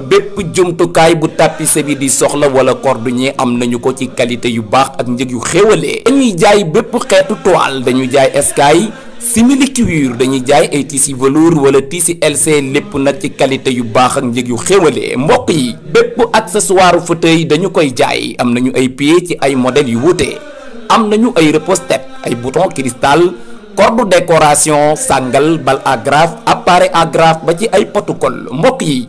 bépp jumtukaay bu tapisse bi di soxla wala cordonnier am nañu ko ci qualité yu baax ak njëg yu xéwalee dañuy jaay bépp xeetu toile dañu jaay eskay simili cuir dañuy jaay ay tissu velours wala tissu LC lépp nag ci qualité yu baax ak njëg yu xéwale mbokk yi bépp accessoire fauteuil dañu koy jaay am nañu ay pieds ci ay modèles yu wuute am nañu ay repose-tête ay bouton cristal corde décoration sangal bal agrafe appareil agrafe ba ci ay protocole mbokk yi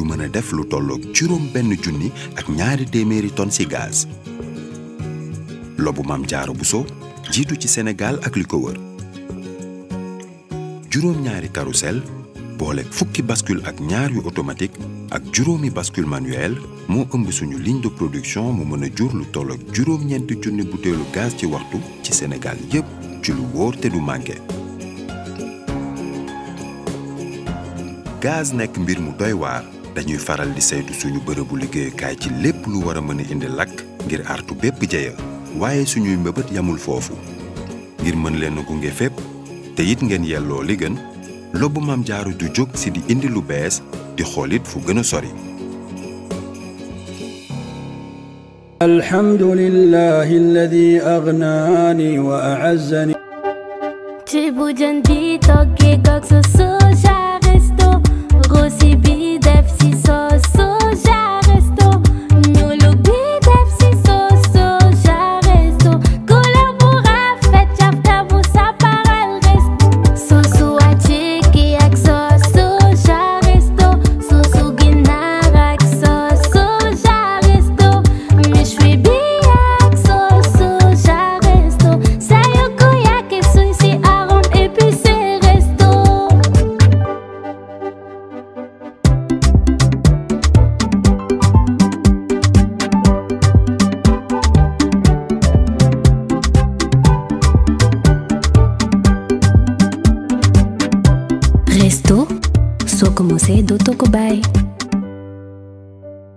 yu mën a def lu tolloog juróom junni ak ñaari téeméeri tonnes ci gaz. lobu maam jaaro Bousso jiitu ci senegal ak li ko wër juróom ñaari carrousel boole fukki baskul ak ñaar yu automatique ak juróomi baskul manuel moo ëmb suñu ligne de production mu mën a jur lu toll ak juróom-ñeenti junni butéelu gaz ci waxtu ci Sénégal yépp ci lu wóor te du manqué. gaz nekk mbir mu doy waar. dañuy faral di saytu suñu bërëbu liggéeyukaay ci lépp lu war a mën indi lakk ngir artu bépp jeya waaye suñuy mbëbët yamul foofu ngir mën leen gunge fépp te it ngeen yelloo li gën lobbu maam jaaru ju jóg si di indi lu bees di xoolit fu gën a sori alhamdulillahi alladi agnaani wa a'azzani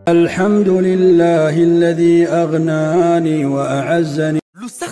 الحمد لله الذي أغناني وأعزني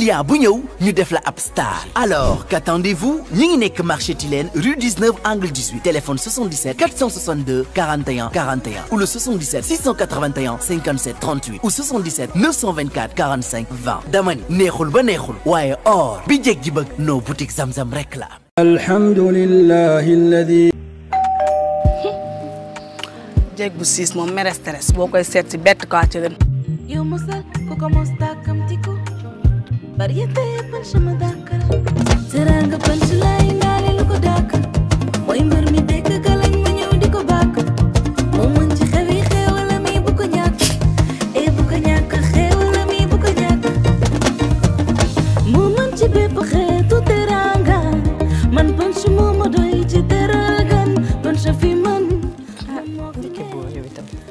client bu ñëw ñu def la ab star alors qu'attendez-vous ñi ngi nekk marché Tilène rue 19 angle 18 téléphone 77 462 41 41 ou le 77 681 57 38 ou 77 924 45 20 dama ni neexul ba neexul waaye or bi jeg ji bëgg noo boutique Zamzam rek la alhamdulillahi alladi jeeg bu siis moom mere stress boo koy seet si bett ko ci ren yow mos ku commence tàkkamtiku variété punch ma dàkkal teranga lu ko dàkkal mooy mi dekk galañ ma ñëw di ko bàkk moo ci xewi xeewala mi mi bu ko ñàkk moo mën ci bépp xeetu teranga man punch moo ma doy ci terangan punch fi man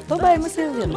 boo bàyyi ma servir la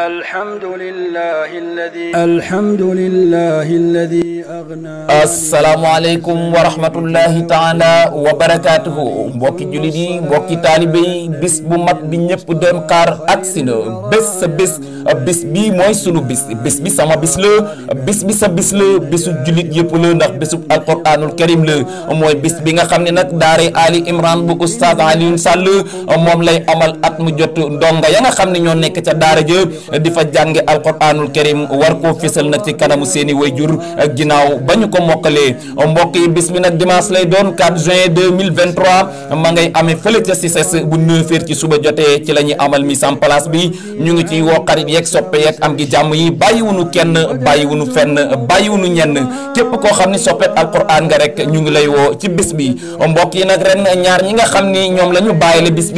الحمد لله الذي الحمد لله الذي أغنى السلام عليكم ورحمة bis bu mag bi ñëpp doon xaar agsi na bés sa bés bis bi mooy sunu bis bis bi sama bis la bis bi sa bis la bésu jullit yëpp la ndax bésu alquraanul karim la mooy bis bi nga xam ne nag daare Ali Imran bu Oustaz Alioune Sall moom lay amal at mu jot ndongo ya nga xam ne ñoo nekk ca daara jë di fa jànge alquranul karim war koo fésal nag ci kanamu seeni way jur ak ginnaaw ba ñu ko mokkalee mbokk yi bis bi nag dimanche lay doon 4 juin 2023 ma ngay amee fële ca CICES bu 9h ci suba jotee ci la ñuy amal mi en place bi ñu ngi ciy woo xarit yeeg soppe yeeg am gi jàmm yi bàyyiwunu kenn bàyyiwunu fenn bàyyiwunu ñenn képp koo xam ni soppet alquran nga rek ñu ngi lay woo ci bis bi mbokk yi nag ren ñaar ñi nga xam ni ñoom lañu ñu bàyyile bis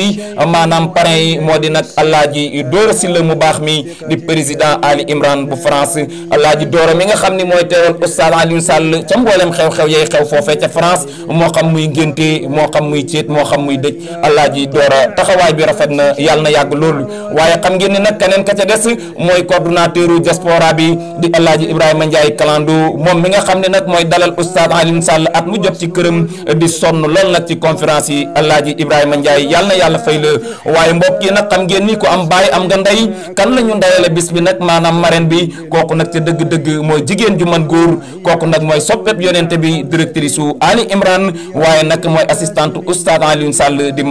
maanaam parrain yi moo di nag alaaji Dóora mu baax mi yi di président Ali Imran bu France alaaji doora mi nga xam ni mooy teewal Oustaz Alioune Sall ca mboolem xew-xew yay xew foofee ca France moo xam muy ngénte moo xam muy céet moo xam muy dëj alaaji doora taxawaay bi rafet na yàlla na yàgg loolu waaye xam ngeen ne nag keneen ka des mooy coordonnateur diaspora bi di alaaji Ibrahima Ndiaye Kalandou moom mi nga xam ne nag mooy dalal Oustaz Alioune at mu jot ci këram di sonn lool nag ci conférence yi alaaji Ibrahima Ndiaye yàlla na fay la waaye mbokk yi nag xam ngeen ni am bàyyi am nga ndey kan lañu ñu ndayale bis bi nag maanaam marraine bi kooku nag ca dëgg-dëgg mooy jigéen ju man góor kooku nag mooy soppeb yonente bi directrice su Ali Imran waaye nag mooy assistante oustaz Alioune Sall di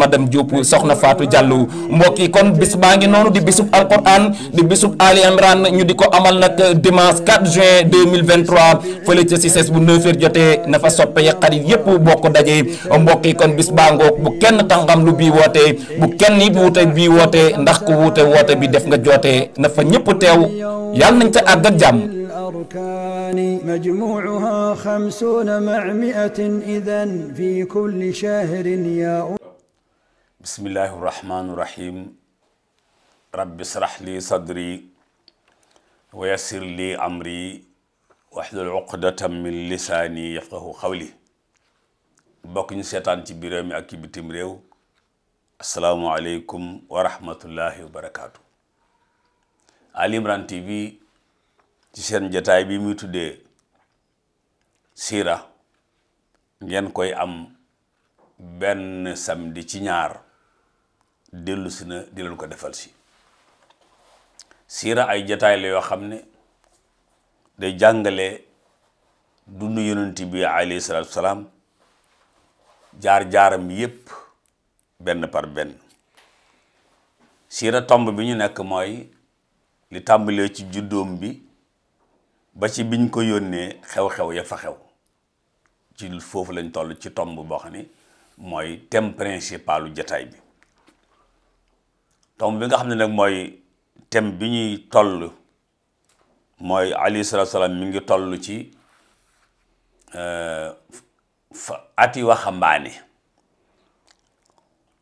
ngi noonu di bisub Alquran di bisub Ali Imran ñu di ko na fa soppe ya xarit yëpp bokk daje mbokk yi kon bis baa ngoog bu kenn tàngam lu bii wootee bu kenn it wuute bii wootee ndax ku wuute woote bi def nga jootee na fa ñëpp teew yàlla nañ ca àgg ak jàmm الأركان مجموعها خمسون مع مئة إذن في كل شهر يا بسم الله الرحمن الرحيم رب اشرح لي صدري ويسر لي أمري واحلل عقدة من لساني يفقه قولي bokk ñu seetaan ci biir mi ak ci bitim réew asalaamualeykum wa rahmatullahi wa barakaatu Ali Imran TV ci seen jataay bi muy tuddee siira ngeen koy am benn samedi ci ñaar dellu na di leen ko defal si sira ay jataay la yoo xam ne day jàngale dund yonent bi alayhi salaatu salaam jaar-jaaram yépp benn par benn siira tomb bi ñu nekk mooy li tàmbalee ci juddoom bi ba ci biñ ko yónnee xew-xew ya fa xew ci foofu lañ toll ci tomb boo xam ne mooy thème principalu jataay bi tomb bi nga xam ne nag mooy thème bi ñuy toll mooy alayhi mu ngi toll ci euh, ati waxambaane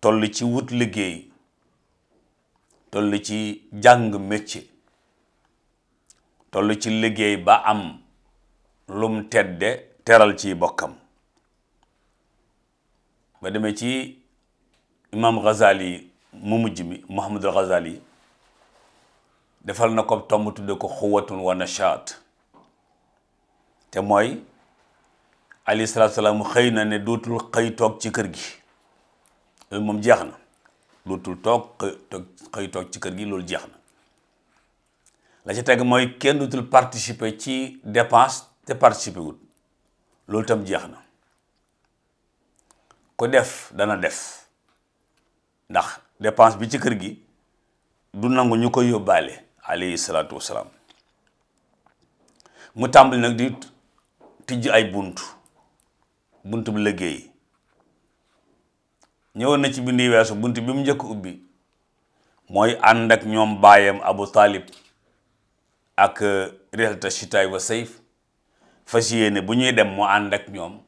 toll ci wut liggéey toll ci jàng métier toll ci liggéey ba am lum tedde teral ci bokkam ba demee ci imam Ghazali mu mujj mi Muhammadul Ghazali defal na ko tomb tudde ko xuwatun wa nashaat te mooy alayhi salaatu salaam xëy na ne dootul xëy toog ci kër gi loolu moom jeex na dootul toog xëy toog ci kër gi loolu jeex na la ci teg mooy kenn dutul participer ci dépense te participer wut loolu tam jeex na ku def dana def ndax dépense bi ci kër gi du nangu ñu ko yóbbaale alayhi salaatu wasalaam mu tàmbali nag di tijj ay bunt bunt bu liggéey ñëwoon na ci bindi weesu bunt bi mu njëkk ubbi mooy ànd ak ñoom baayam Abu Talib ak euh, rihlata shitaay wa sayf fas yéene bu ñuy dem mu ànd ak ñoom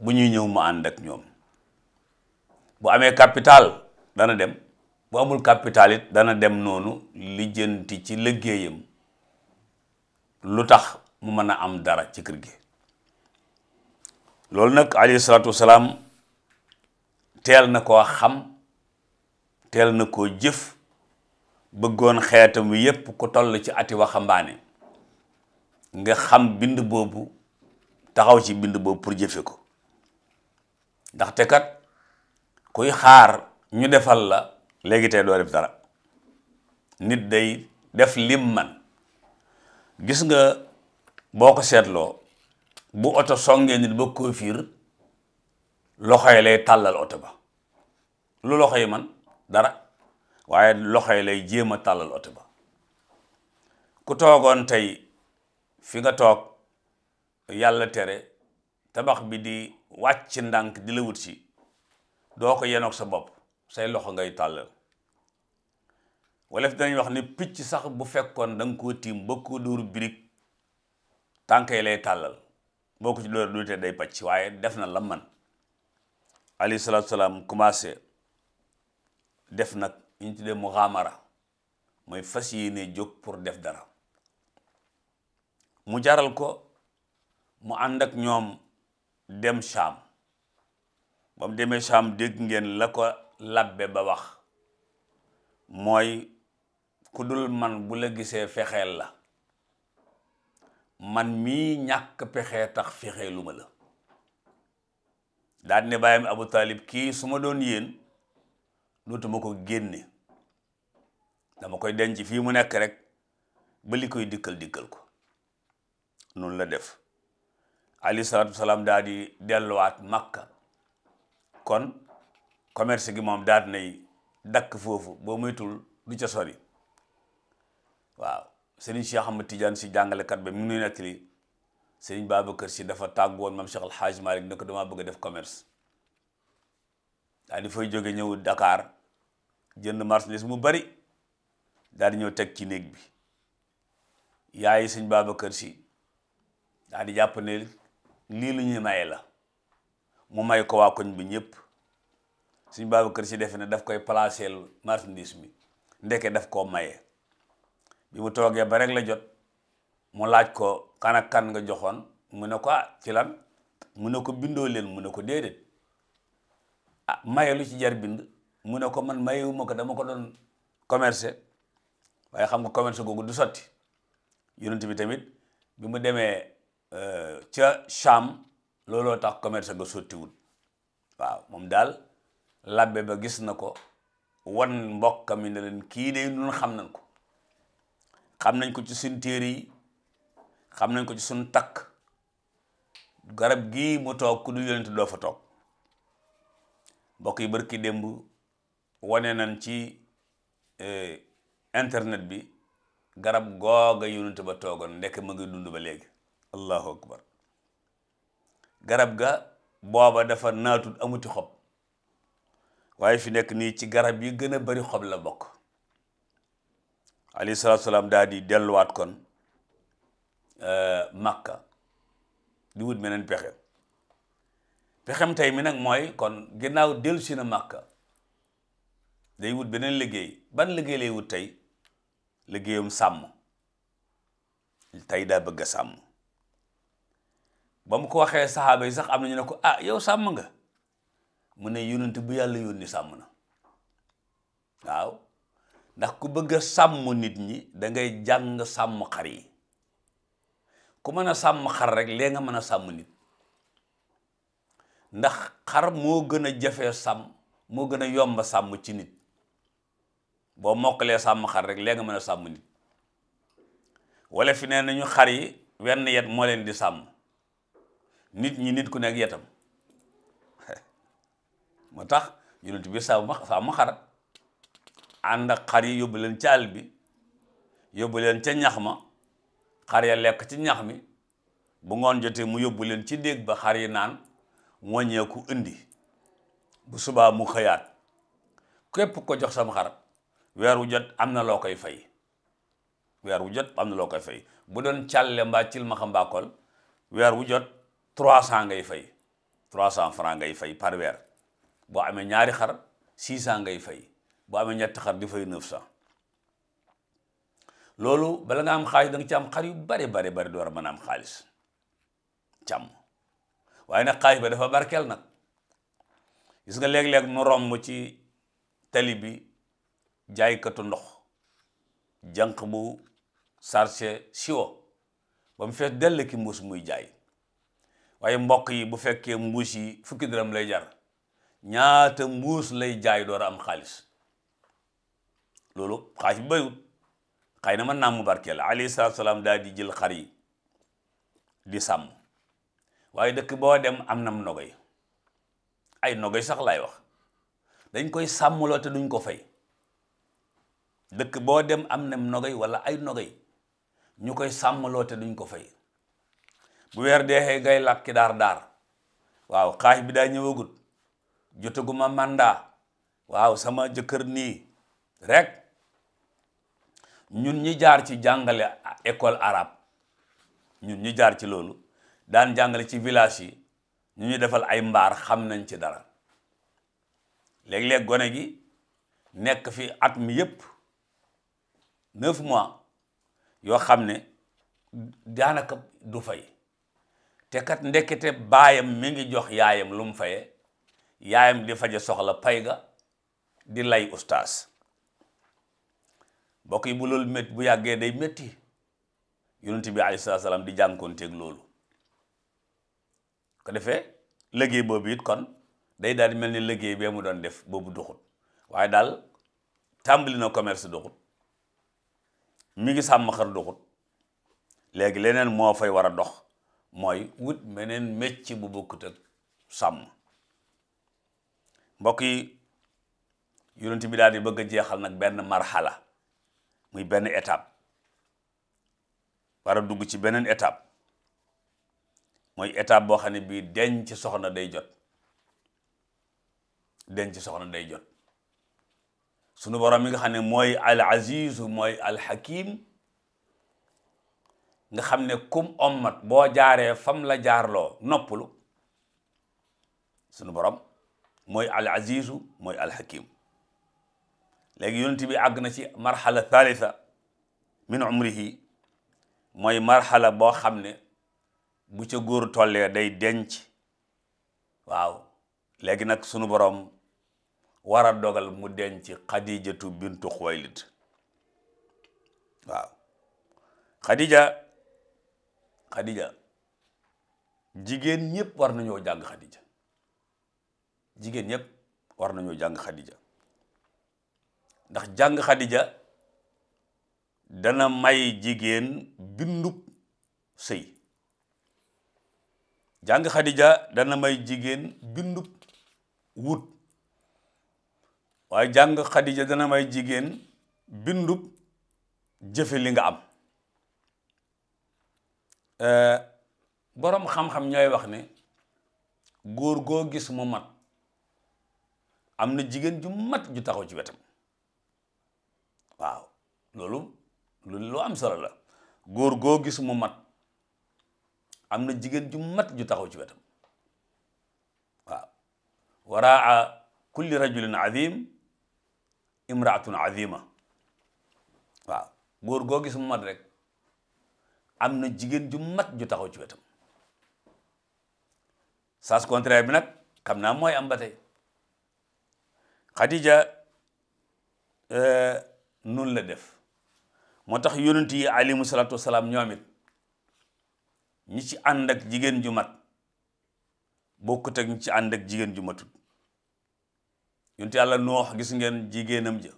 bu ñuy ñëw mu ànd ak ñoom bu amee capital dana dem bu amul capital dana dem noonu lijjanti ci liggéeyam lu tax mu mën a am dara ci kër gi loolu nag alayhi salaam teel na ko xam teel na ko jëf bëggoon xeetam wi yépp ku toll ci ati waxambaane nga xam bind boobu taxaw ci bind boobu pour jëfe ko ndax te kat kuy xaar ñu defal la léegi tey doo def dara nit day def lim man gis nga boo ko seetloo bu oto songee nit ba koo fiir loxo lay tàllal oto ba lu loxo man dara waaye loxo yi lay jéem a tàllal ba ku toogoon tey fi nga toog yàlla tere tabax bi di wàcc ndànk di la wut si doo ko yenoog sa bopp say loxo ngay tàllal wala fi danañ wax ni picc sax bu fekkoon da nga koo tiim ba ko dóor birig tànk yi lay tàllal boo ko ci dóor duute day pacc waaye def na la man alayhi salaatu salaam commencé def nag ñu tuddee muxaamara mooy fas yéene jóg pour def dara mu jaral ko mu ànd ñoom dem Saam ba mu demee Saam dégg ngeen la ko labbe ba wax mooy ku dul man bu la gisee fexeel la man mii ñàkk pexe tax fexeelu ma la daan ne bàyyam Abu Taalib kii su ma doon yéen dootuma ko génne dama koy denc fii mu nekk rek bali koy dikkal dikkal ko noonu la def alayhi salaatu wasalaam daal di delluwaat makka kon commerce gi moom daal nay dakk foofu boo moytul du ca sori waaw sëriñ Cheikh Ahmad Tidiane si jàngalekat ba mu ngi nuy nettali sëriñ Babacar si dafa tàggu woon maam Cheikh Alhaaj Malick ne ko damaa bëgg a def commerce daal di fay jóge ñëw dakaar jënd marchandise mu bari daal di ñëw teg ci néeg bi yaayi sëñ kër Si daal jàpp ne lii lu ñuy maye la mu may ko waa koñ bi ñëpp sëñ kër Si defe ne daf koy placer marchandise bi ndeke daf koo maye bi mu toogee ba rek la jot mu laaj ko kan kan nga joxoon mu ne ko ah ci lan mu ne ko bindoo leen mu ne ko déedéet ah maye lu ci jar bind mu ne ko man mayewuma ko dama ko doon commerce waaye xam nga commerce googu du sotti yonent bi tamit bi mu demee euh, ca Sham looloo tax commerce ga sottiwul waaw moom daal labbe ba gis na ko wan mbokka mi ne leen kii de nun xam nañ ko xam nañ ko ci suñ téere yi xam nañ ko ci suñ takk garab gii mu toog ku du yonent doo fa toog mbokk yi barki démb wane nan ci e, internet bi garab googa yonent ba toogoon ndekk ma ngi dund ba léegi allahu akbar garab ga booba dafa naatut amuti xob waaye fi nekk nii ci garab yi gën a bari xob la bokk alayhi salaatu daal di delluwaat kon e, makka di wut meneen pexe pexem tey mi nag mooy kon ginnaaw dellusi na makka day wut beneen liggéey ban liggéey lay wut tey liggéeyam sàmm tey da bëgg a sàmm ba mu ko waxee saxaaba yi sax am na ñu ne ko ah yow sàmm nga mu ne yonent bu yàlla yónni sàmm na waaw ndax ku bëgg a sàmm nit ñi dangay ngay jàng sàmm xar yi ku mën a sàmm xar rek lee nga mën a sàmm nit ndax xar moo gën a jafee sàmm moo gën a yomb sàmm ci nit boo mokkalee sàmm xar rek léegi nga mën a sàmm nit wala fi nee nañu xar yi wenn yet moo leen di sàmm nit ñi nit ku nekk yetam moo tax yonent bi sàmm sàmm xar xar yi yóbbu leen bi yóbbu ca ñax ma xar ya lekk ci ñax mi bu ngoon jotee mu yóbbu leen ci déeg ba xar yi naan wàññeeku indi bu subaa mu xëyaat képp ko jox sam xar weer wu jot am na loo koy fay weer wu jot am na loo koy fay bu doon càlle mbaa cilmaxa mbaa kol weer wu jot trois cent ngay fay trois cent franc ngay fay par weer boo amee ñaari xar six cent ngay fay boo amee ñetti xar di fay neuf cent loolu bala nga am xaalis da nga ci am xar yu bari bari bari door a mën a am xaalis càmm waaye nag xaalis ba dafa barkeel nag gis nga léeg-léeg nu romb ci tali bi jaaykatu ndox jànq bu sarse siwo ba mu fees dell ki mbuus muy jaay waaye mbokk yi bu fekkee mbuus yi fukki dërëm lay jar ñaata mbuus lay jaay door am xaalis loolu xaalis bi bëriwut xëy na ma naa mu barkeel alayhi salaatu salaam daal di jël xar yi di sàmm waaye dëkk boo dem am nam nogay ay nogay sax laay wax dañ koy sàmmloo te duñ ko fay dëkk boo dem am na nogay wala ay nogay ñu koy sàmmaloo te duñ ko fay bu weer deexee ngay làkki daar daar waaw xaaj bi daa ñëwagut jotaguma mandat waaw sama jëkkër nii rek ñun ñi jaar ci jàngale école arab ñun ñi jaar ci loolu daan jàngale ci village yi ñu ñu defal ay mbaar xam nañ ci dara léeg-léeg gone gi nekk fi at mi yépp neuf mois yoo xam ne daanaka du fay te kat ndekete baayam mi ngi jox yaayam lu mu fayee yaayam di faje soxla pay ga di lay ustaas mbokk yi bu loolu métti bu yàggee day metti yonent bi alayhi salaatu salaam di jànkoonteeg loolu ko defee liggéey boobu it kon day daal di mel ni liggéey bee mu doon def boobu duxut waaye daal tàmbali na commerce duxut mi ngi sàmm xar doxut léegi leneen moo fay war a dox mooy wut meneen mecc bu bokkut ak sàmm mbokk yi yonent bi daal di bëgg a jeexal nag benn marxala muy benn étape war a dugg ci beneen étape mooy étape boo xam ne bii denc soxna day jot ci soxna day jot sunu borom mi nga xam ne mooy al azizu mooy al hakim nga xam ne kum ommat boo jaaree fam la jaarloo noppalu sunu borom mooy al azizu mooy al hakim léegi yonent bi àgg na ci marxala thalitha min umrihi mooy marxala boo xam ne bu ca góor tollee day denc waaw léegi nag sunu borom war dogal mu denc xadijatu bintu xuwaylid waaw xadija xadija jigéen ñëpp war nañoo jàng xadija jigéen ñëpp war nañoo jàng xadija ndax jàng xadija dana may jigéen bindub sëy jàng xadija dana may jigéen bindub wut waaye jàng xadija dana may jigéen bindub jëfe li nga am euh, boroom xam-xam ñooy wax ne góor goo gis mu mat am na jigéen ju mat ju taxaw ci wetam waaw loolu lu am solo la góor goo gis mu mat am na jigéen ju mat ju taxaw ci wetam waaw waraa kulli rajulin azim imraatun azima waaw góor goo gis mu mat rek am na jigéen ju mat ju taxaw ci wetam sens contraire bi nag xam naa mooy am ba tey Xadija euh, nun la def moo tax yonent yi alayhimu salaatu wasalaam ñoom it ci ànd ak jigéen ju mat bokkut ak ñi ci ànd ak jigéen ju matut yonti yàlla noox gis ngeen jigéenam ja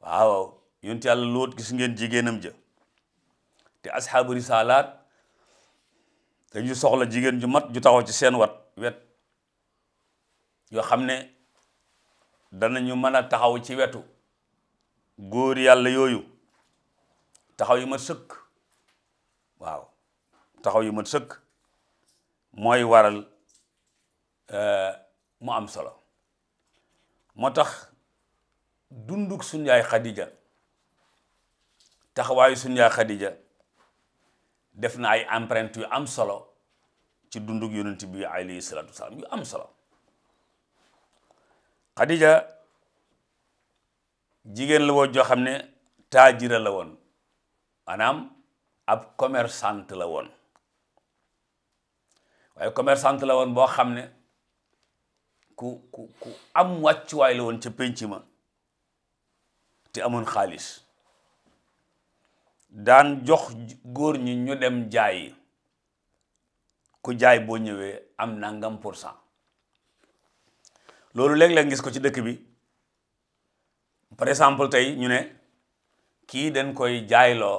waaw yonti yàlla lóot gis ngeen jigéenam ja te asxaabu risaalaat dañu soxla jigéen ju mat ju taxaw ci seen wat wet yoo xam ne danañu mën a taxaw ci wetu góor yàlla yooyu taxaw yu mat sëkk taxaw yu mat sëkk mooy waral eh, mu am solo moo tax dunduk suñu yaay Khadija taxawaayu suñu yaay Khadija def na ay empreinte yu am solo ci dunduk yonent bi alayhi salaatu wasalaam yu am solo Khadija jigéen la woon joo xam ne taajira la woon maanaam ab commerçante la woon waaye commerçante la woon boo xam ne ku ku ku am wàccuwaay la woon ca penc ma te amoon xaalis daan jox góor ñi ñu dem jaayi ku jaay boo ñëwee am nangam pour cent loolu léeg-léeg gis ko ci dëkk bi par exemple tey ñu ne kii dañ koy jaayloo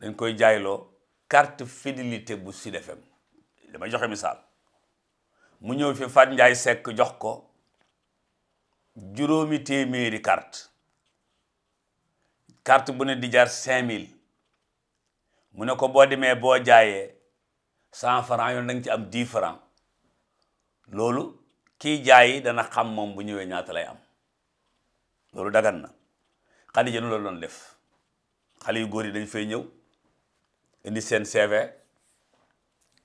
dañ koy jaayloo carte fidélité bu si FM dama joxe misaal mu ñëw fi Fat Njaay Sekk jox ko juróomi téeméeri carte carte bu ne di jaar cinq mille mu ne ko boo demee boo jaayee cent franc yoon da ci am di franc loolu kii jaay dana xam moom bu ñëwee ñaata lay am loolu dagan na xale yi loolu doon def xale yu góor yi dañ fay ñëw indi seen CV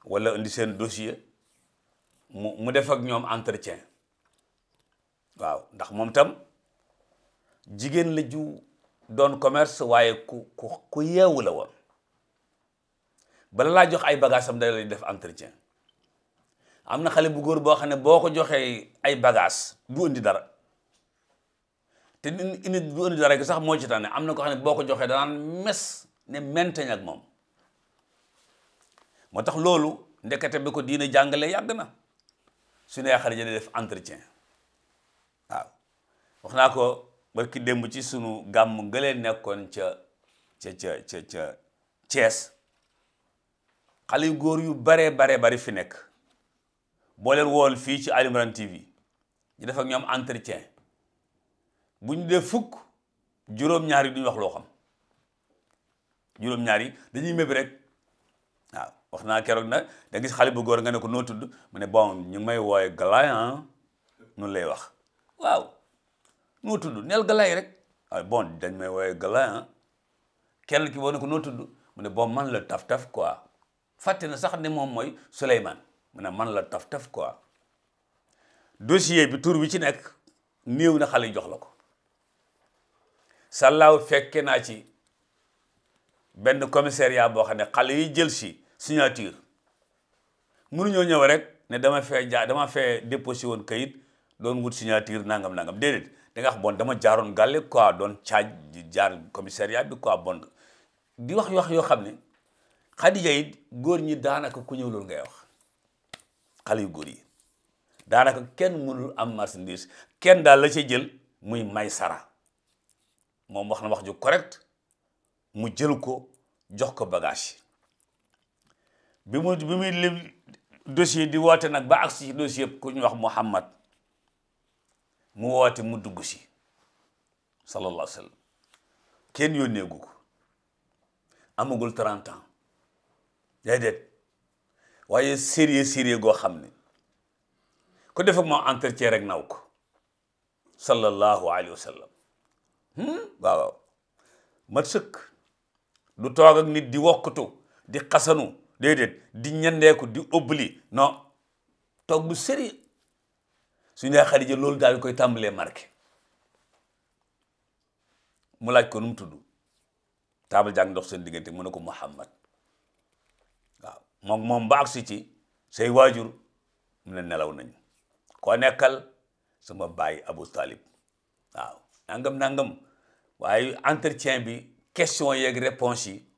wala indi seen dossier mu mu def ak ñoom entretien waaw ndax moom tam jigéen la ju doon commerce waaye ku ku ku yeewu la woon bala laa jox ay bagages am da lay def entretien am na xale bu góor boo xam ne boo ko joxee ay bagages du indi dara te indi du indi dara gi sax moo ci tane am na ko xam ne boo ko joxee danaan mes ne menteñ ak moom moo tax loolu ndekete bi ko diine jàngale yàgg na su ne yaay Xadija di def entretien waaw wax naa ko barki démb ci sunu gàmm ngëleen nekkoon ca ca ca ca ca Cees xale yu góor yu baree bare bari fi nekk boo leen woon fii ci Ali Imran TV ñu def ak ñoom entretien bu ñu def fukk juróom-ñaar yi duñu wax loo xam juróom-ñaar dañuy méb rek wax naa keroog nag da gis xale bu góor nga ne ko noo tudd mu ne bon ñu ngi may wooye galaay ah noonu lay wax waaw noo tudd neel galaay rek ah bon dañ may wooye galaay ah kenn ki boo ne ko noo tudd mu ne bon man la taf-taf quoi fàtte na sax ne moom mooy Souleymane mune man la taf-taf quoi dossier bi tur bi ci nekk néew na xale jox la ko sàllaaw fekke naa ci benn commissariat boo xam ne xale yi jël si signature mënuñoo ñëw rek ne dama fee ja dama fee déposé woon kayit doon wut signature nangam nangam déedéet da nga wax bon dama jaaroon gàlle quoi doon caaj di jaar commissariat bi quoi bon di wax wax yoo xam ne Xadija it góor ñi daanaka ku ñëw loolu ngay wax xale yu góor yi daanaka kenn mënul am marchandise kenn daal la ci jël muy may sara moom wax na wax ju correct mu jël ko jox ko bagage bi mu bi muy lim dossier di woote nag ba agsi ci dossier ku ñu wax Muhammad mu woote mu dugg si sallallahu alayhi wa sallam kenn yónneegu ko amagul 30 ans déedéet waaye sérieux sérieux goo xam ne ku def ak moom entretien rek naw ko sallallahu alayhi wa sallam hmm? waaw mat du toog ak nit di wokkatu di xasanu déedéet di ñandeeku di oubli non toog bu sérieux suñu yaay Xadija loolu daal di koy tàmbalee marqué mu laaj ko nu mu tudd taabal jàng ndox seen diggante mu ne ko Muhammad waaw moom moom ba agsi ci say waajur mu ne nelaw nañu koo nekkal sama baay Abu Talib waaw nangam nangam waaye entretien bi question yeeg réponse yi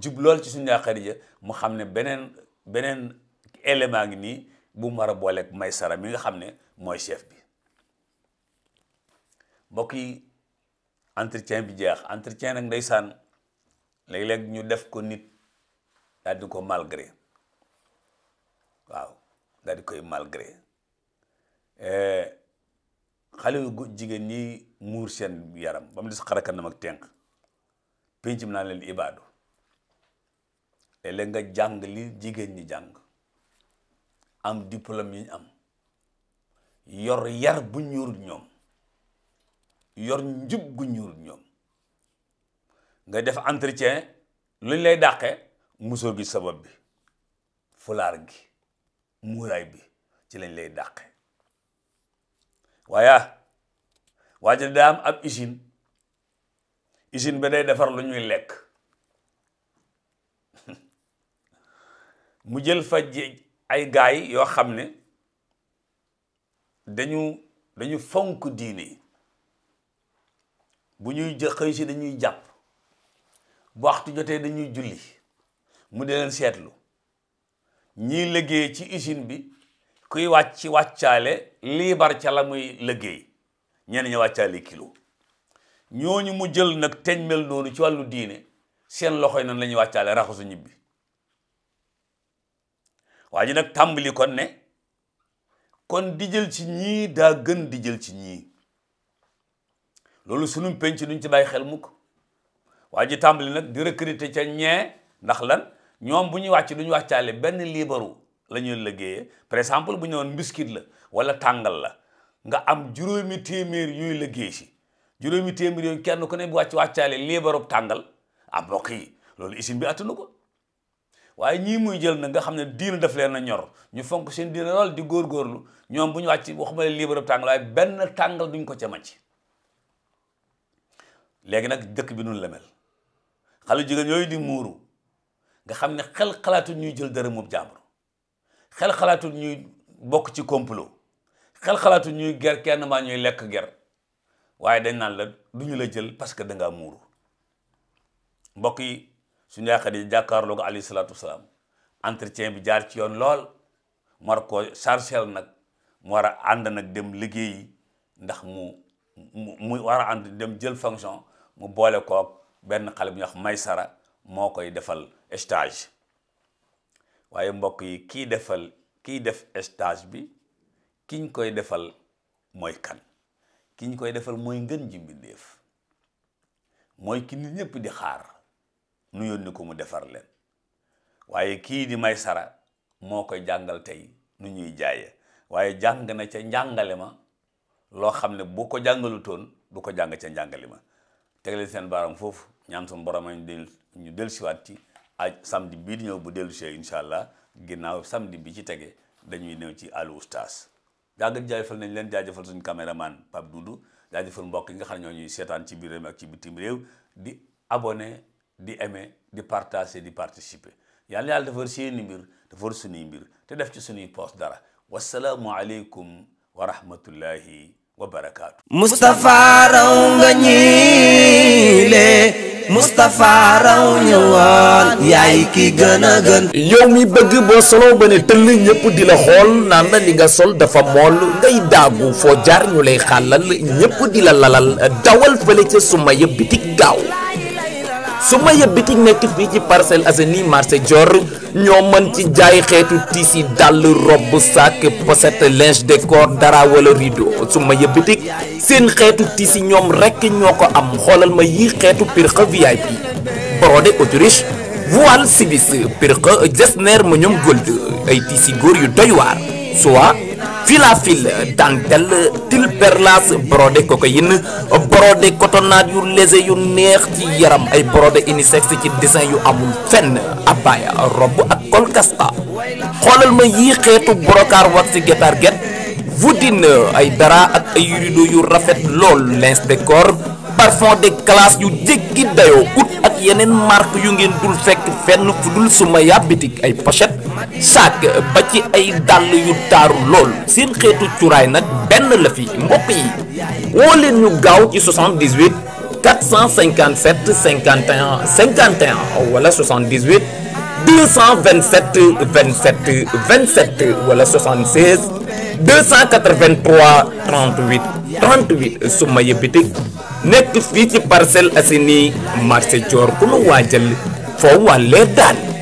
jub lool ci suñu yaa Xadija mu xam ne beneen beneen élément ngi nii bu mu war a booleeg Maysara mi nga xam ne mooy chef bi mbokk yi entretien bi jeex entretien nag ndeysaan léeg-léeg ñu def ko nit daal di ko malgré waaw da di koy malgré eh, xale yu jigéen ñi muur seen yaram ba mu des xarakanam ak tenq pénc mi naa leen ibaadu léeg nga jàng li jigéen ñi jàng am diplôme yi am yor yar bu ñuurut ñoom yor njub gu ñuurut ñoom nga def entretien luñ lay dàqe musóor gi sabab bi fulaar gi muuraay bi ci lañ lay dàqe waaye waa ji daa am ab usine usine ba day defar lu ñuy lekk mu jël fa ay gaay yoo xam ne dañu dañu fonk diine bu ñuy xëy si dañuy jàpp bu waxtu jotee dañuy julli mu de leen seetlu ñiy liggéey ci usine bi kuy wàcc wàccaale liibar ca la muy liggéey ñenn ñi wàccaale kilo ñooñu mu jël nag teñ mel noonu ci wàllu diine seen loxoy nan la ñuy wàccaale raxasu ñibbi waa ji nag tàmbali kon ne kon di jël ci ñii daa gën di jël ci ñii loolu sunum penc duñ ci bàyyi xel mukk waa ji tàmbali nag di recruter ca ñee ndax lan ñoom bu ñuy wàcc duñu wàccaale benn liibaru la ñuy liggéeyee par exemple bu ñu woon biscuit la wala tàngal la nga am juróomi téeméer yooyu liggéey si juróomi téeméer yooyu kenn ku ne bu wàcc wàccaale liibaru tàngal ah mbokk yi loolu usine bi attanu ko waaye ñii muy jël na nga xam ne diina daf leen a ñor ñu fonk seen diina lool di góor góorgóorlu ñoom bu ñu wàcc waxuma leen libre tàngal waaye benn tàngal duñ ko ca màcc léegi nag dëkk bi nun la mel xale jigéen yooyu di muuru nga xam ne xel xalaatul ñuy jël dara moom jàmbur xel xalaatul ñuy bokk ci complot xel xalaatul ñuy ger kenn maa ñuy lekk ger waaye dañ naan la du ñu la jël parce que da ngaa muuru mbokk yi suñu yaakaar yi jàkkaarloo ko alayhi salaatu wasalaam entretien bi jaar ci yoon lool mu war koo chargel nag mu war a ànd nag dem liggéeyi ndax mu mu war a ànd dem jël fonction mu boole koog benn xale bu ñuy wax Maysara moo koy defal stage waaye mbokk yi kii defal kii def stage bi kiñ koy defal mooy kan kiñ koy defal mooy ngën ji mbindéef mooy ki nit ñëpp di xaar nu yónni ko mu defar leen waaye kii di may sara moo koy jàngal tey nu ñuy jaaye waaye jàng na ca njàngale ma loo xam ne bu ko jàngalu toon du ko jàng ca njàngale ma teg leen seen baaram foofu ñaan suñu borom ñu del ñu del siwaat ci aj samedi bii di ñëw bu dellu see incha allah ginnaaw samdi bi ci tegee dañuy new ci Al Oustaz jàggat jaajëfal nañ leen jaajëfal suñu caméraman Pape Doudou jaajëfal mbokk yi nga xam ne ñoo ñuy seetaan ci biir réew mi ak ci bitim réew di abonné di aimer di di participer yàlla yàlla defar seeni mbir defar suñuy mbir te def ci suñuy post dara wa rahmatullahi wa barakaatu Moustapha raw nga ñiile Moustapha raw ñëwaat yaay ki gën a gën yow mi bëgg boo solo ba ne tëll ñëpp di la xool naan la li nga sol dafa mool ngay daagu foo jaar ñu lay xàllal ñëpp di la lalal dawal fële ca suma yëpp bitik gaaw su ma yëb bitig nekk fii ci parcelle Assainies marché Dior ñoo mën ci jaay xeetu tissu dàll robe sac pochette linge de corps dara wala rideau su ma yëb seen xeetu tissu ñoom rekk ñoo ko am xoolal ma yii xeetu pirxa VIP brodé autriche voile sivis pirxa jesner ma ñoom gold ay tissu góor yu doy waar soit filafil dentelle til perlas brodé cocaïne brodé cotonnade yu léger yu neex ci yaram ay brodé unisex ci dessin yu amul fenn abaya rob ak kolkasta xoolal ma yii xeetu brocar wax ci gétar get voudine ay dara ak ay yu rafet lool lince de corps parfum de classe yu jéggi dayoo ut ak yeneen marque yu ngeen dul fekk fenn fu suma yàbbitik ay pochette sac ba ci ay dàll yu taaru lool seen xeetu cuuraay nag benn la fi mbokk yi woo leen ñu gaaw ci 78 457 51 51 wala 78 227 27 27 wala 76 283 38 38 su ma yëbbiti nekk fii ci Parcelles Assainies marché Dior ku la waajal foo wàllee daal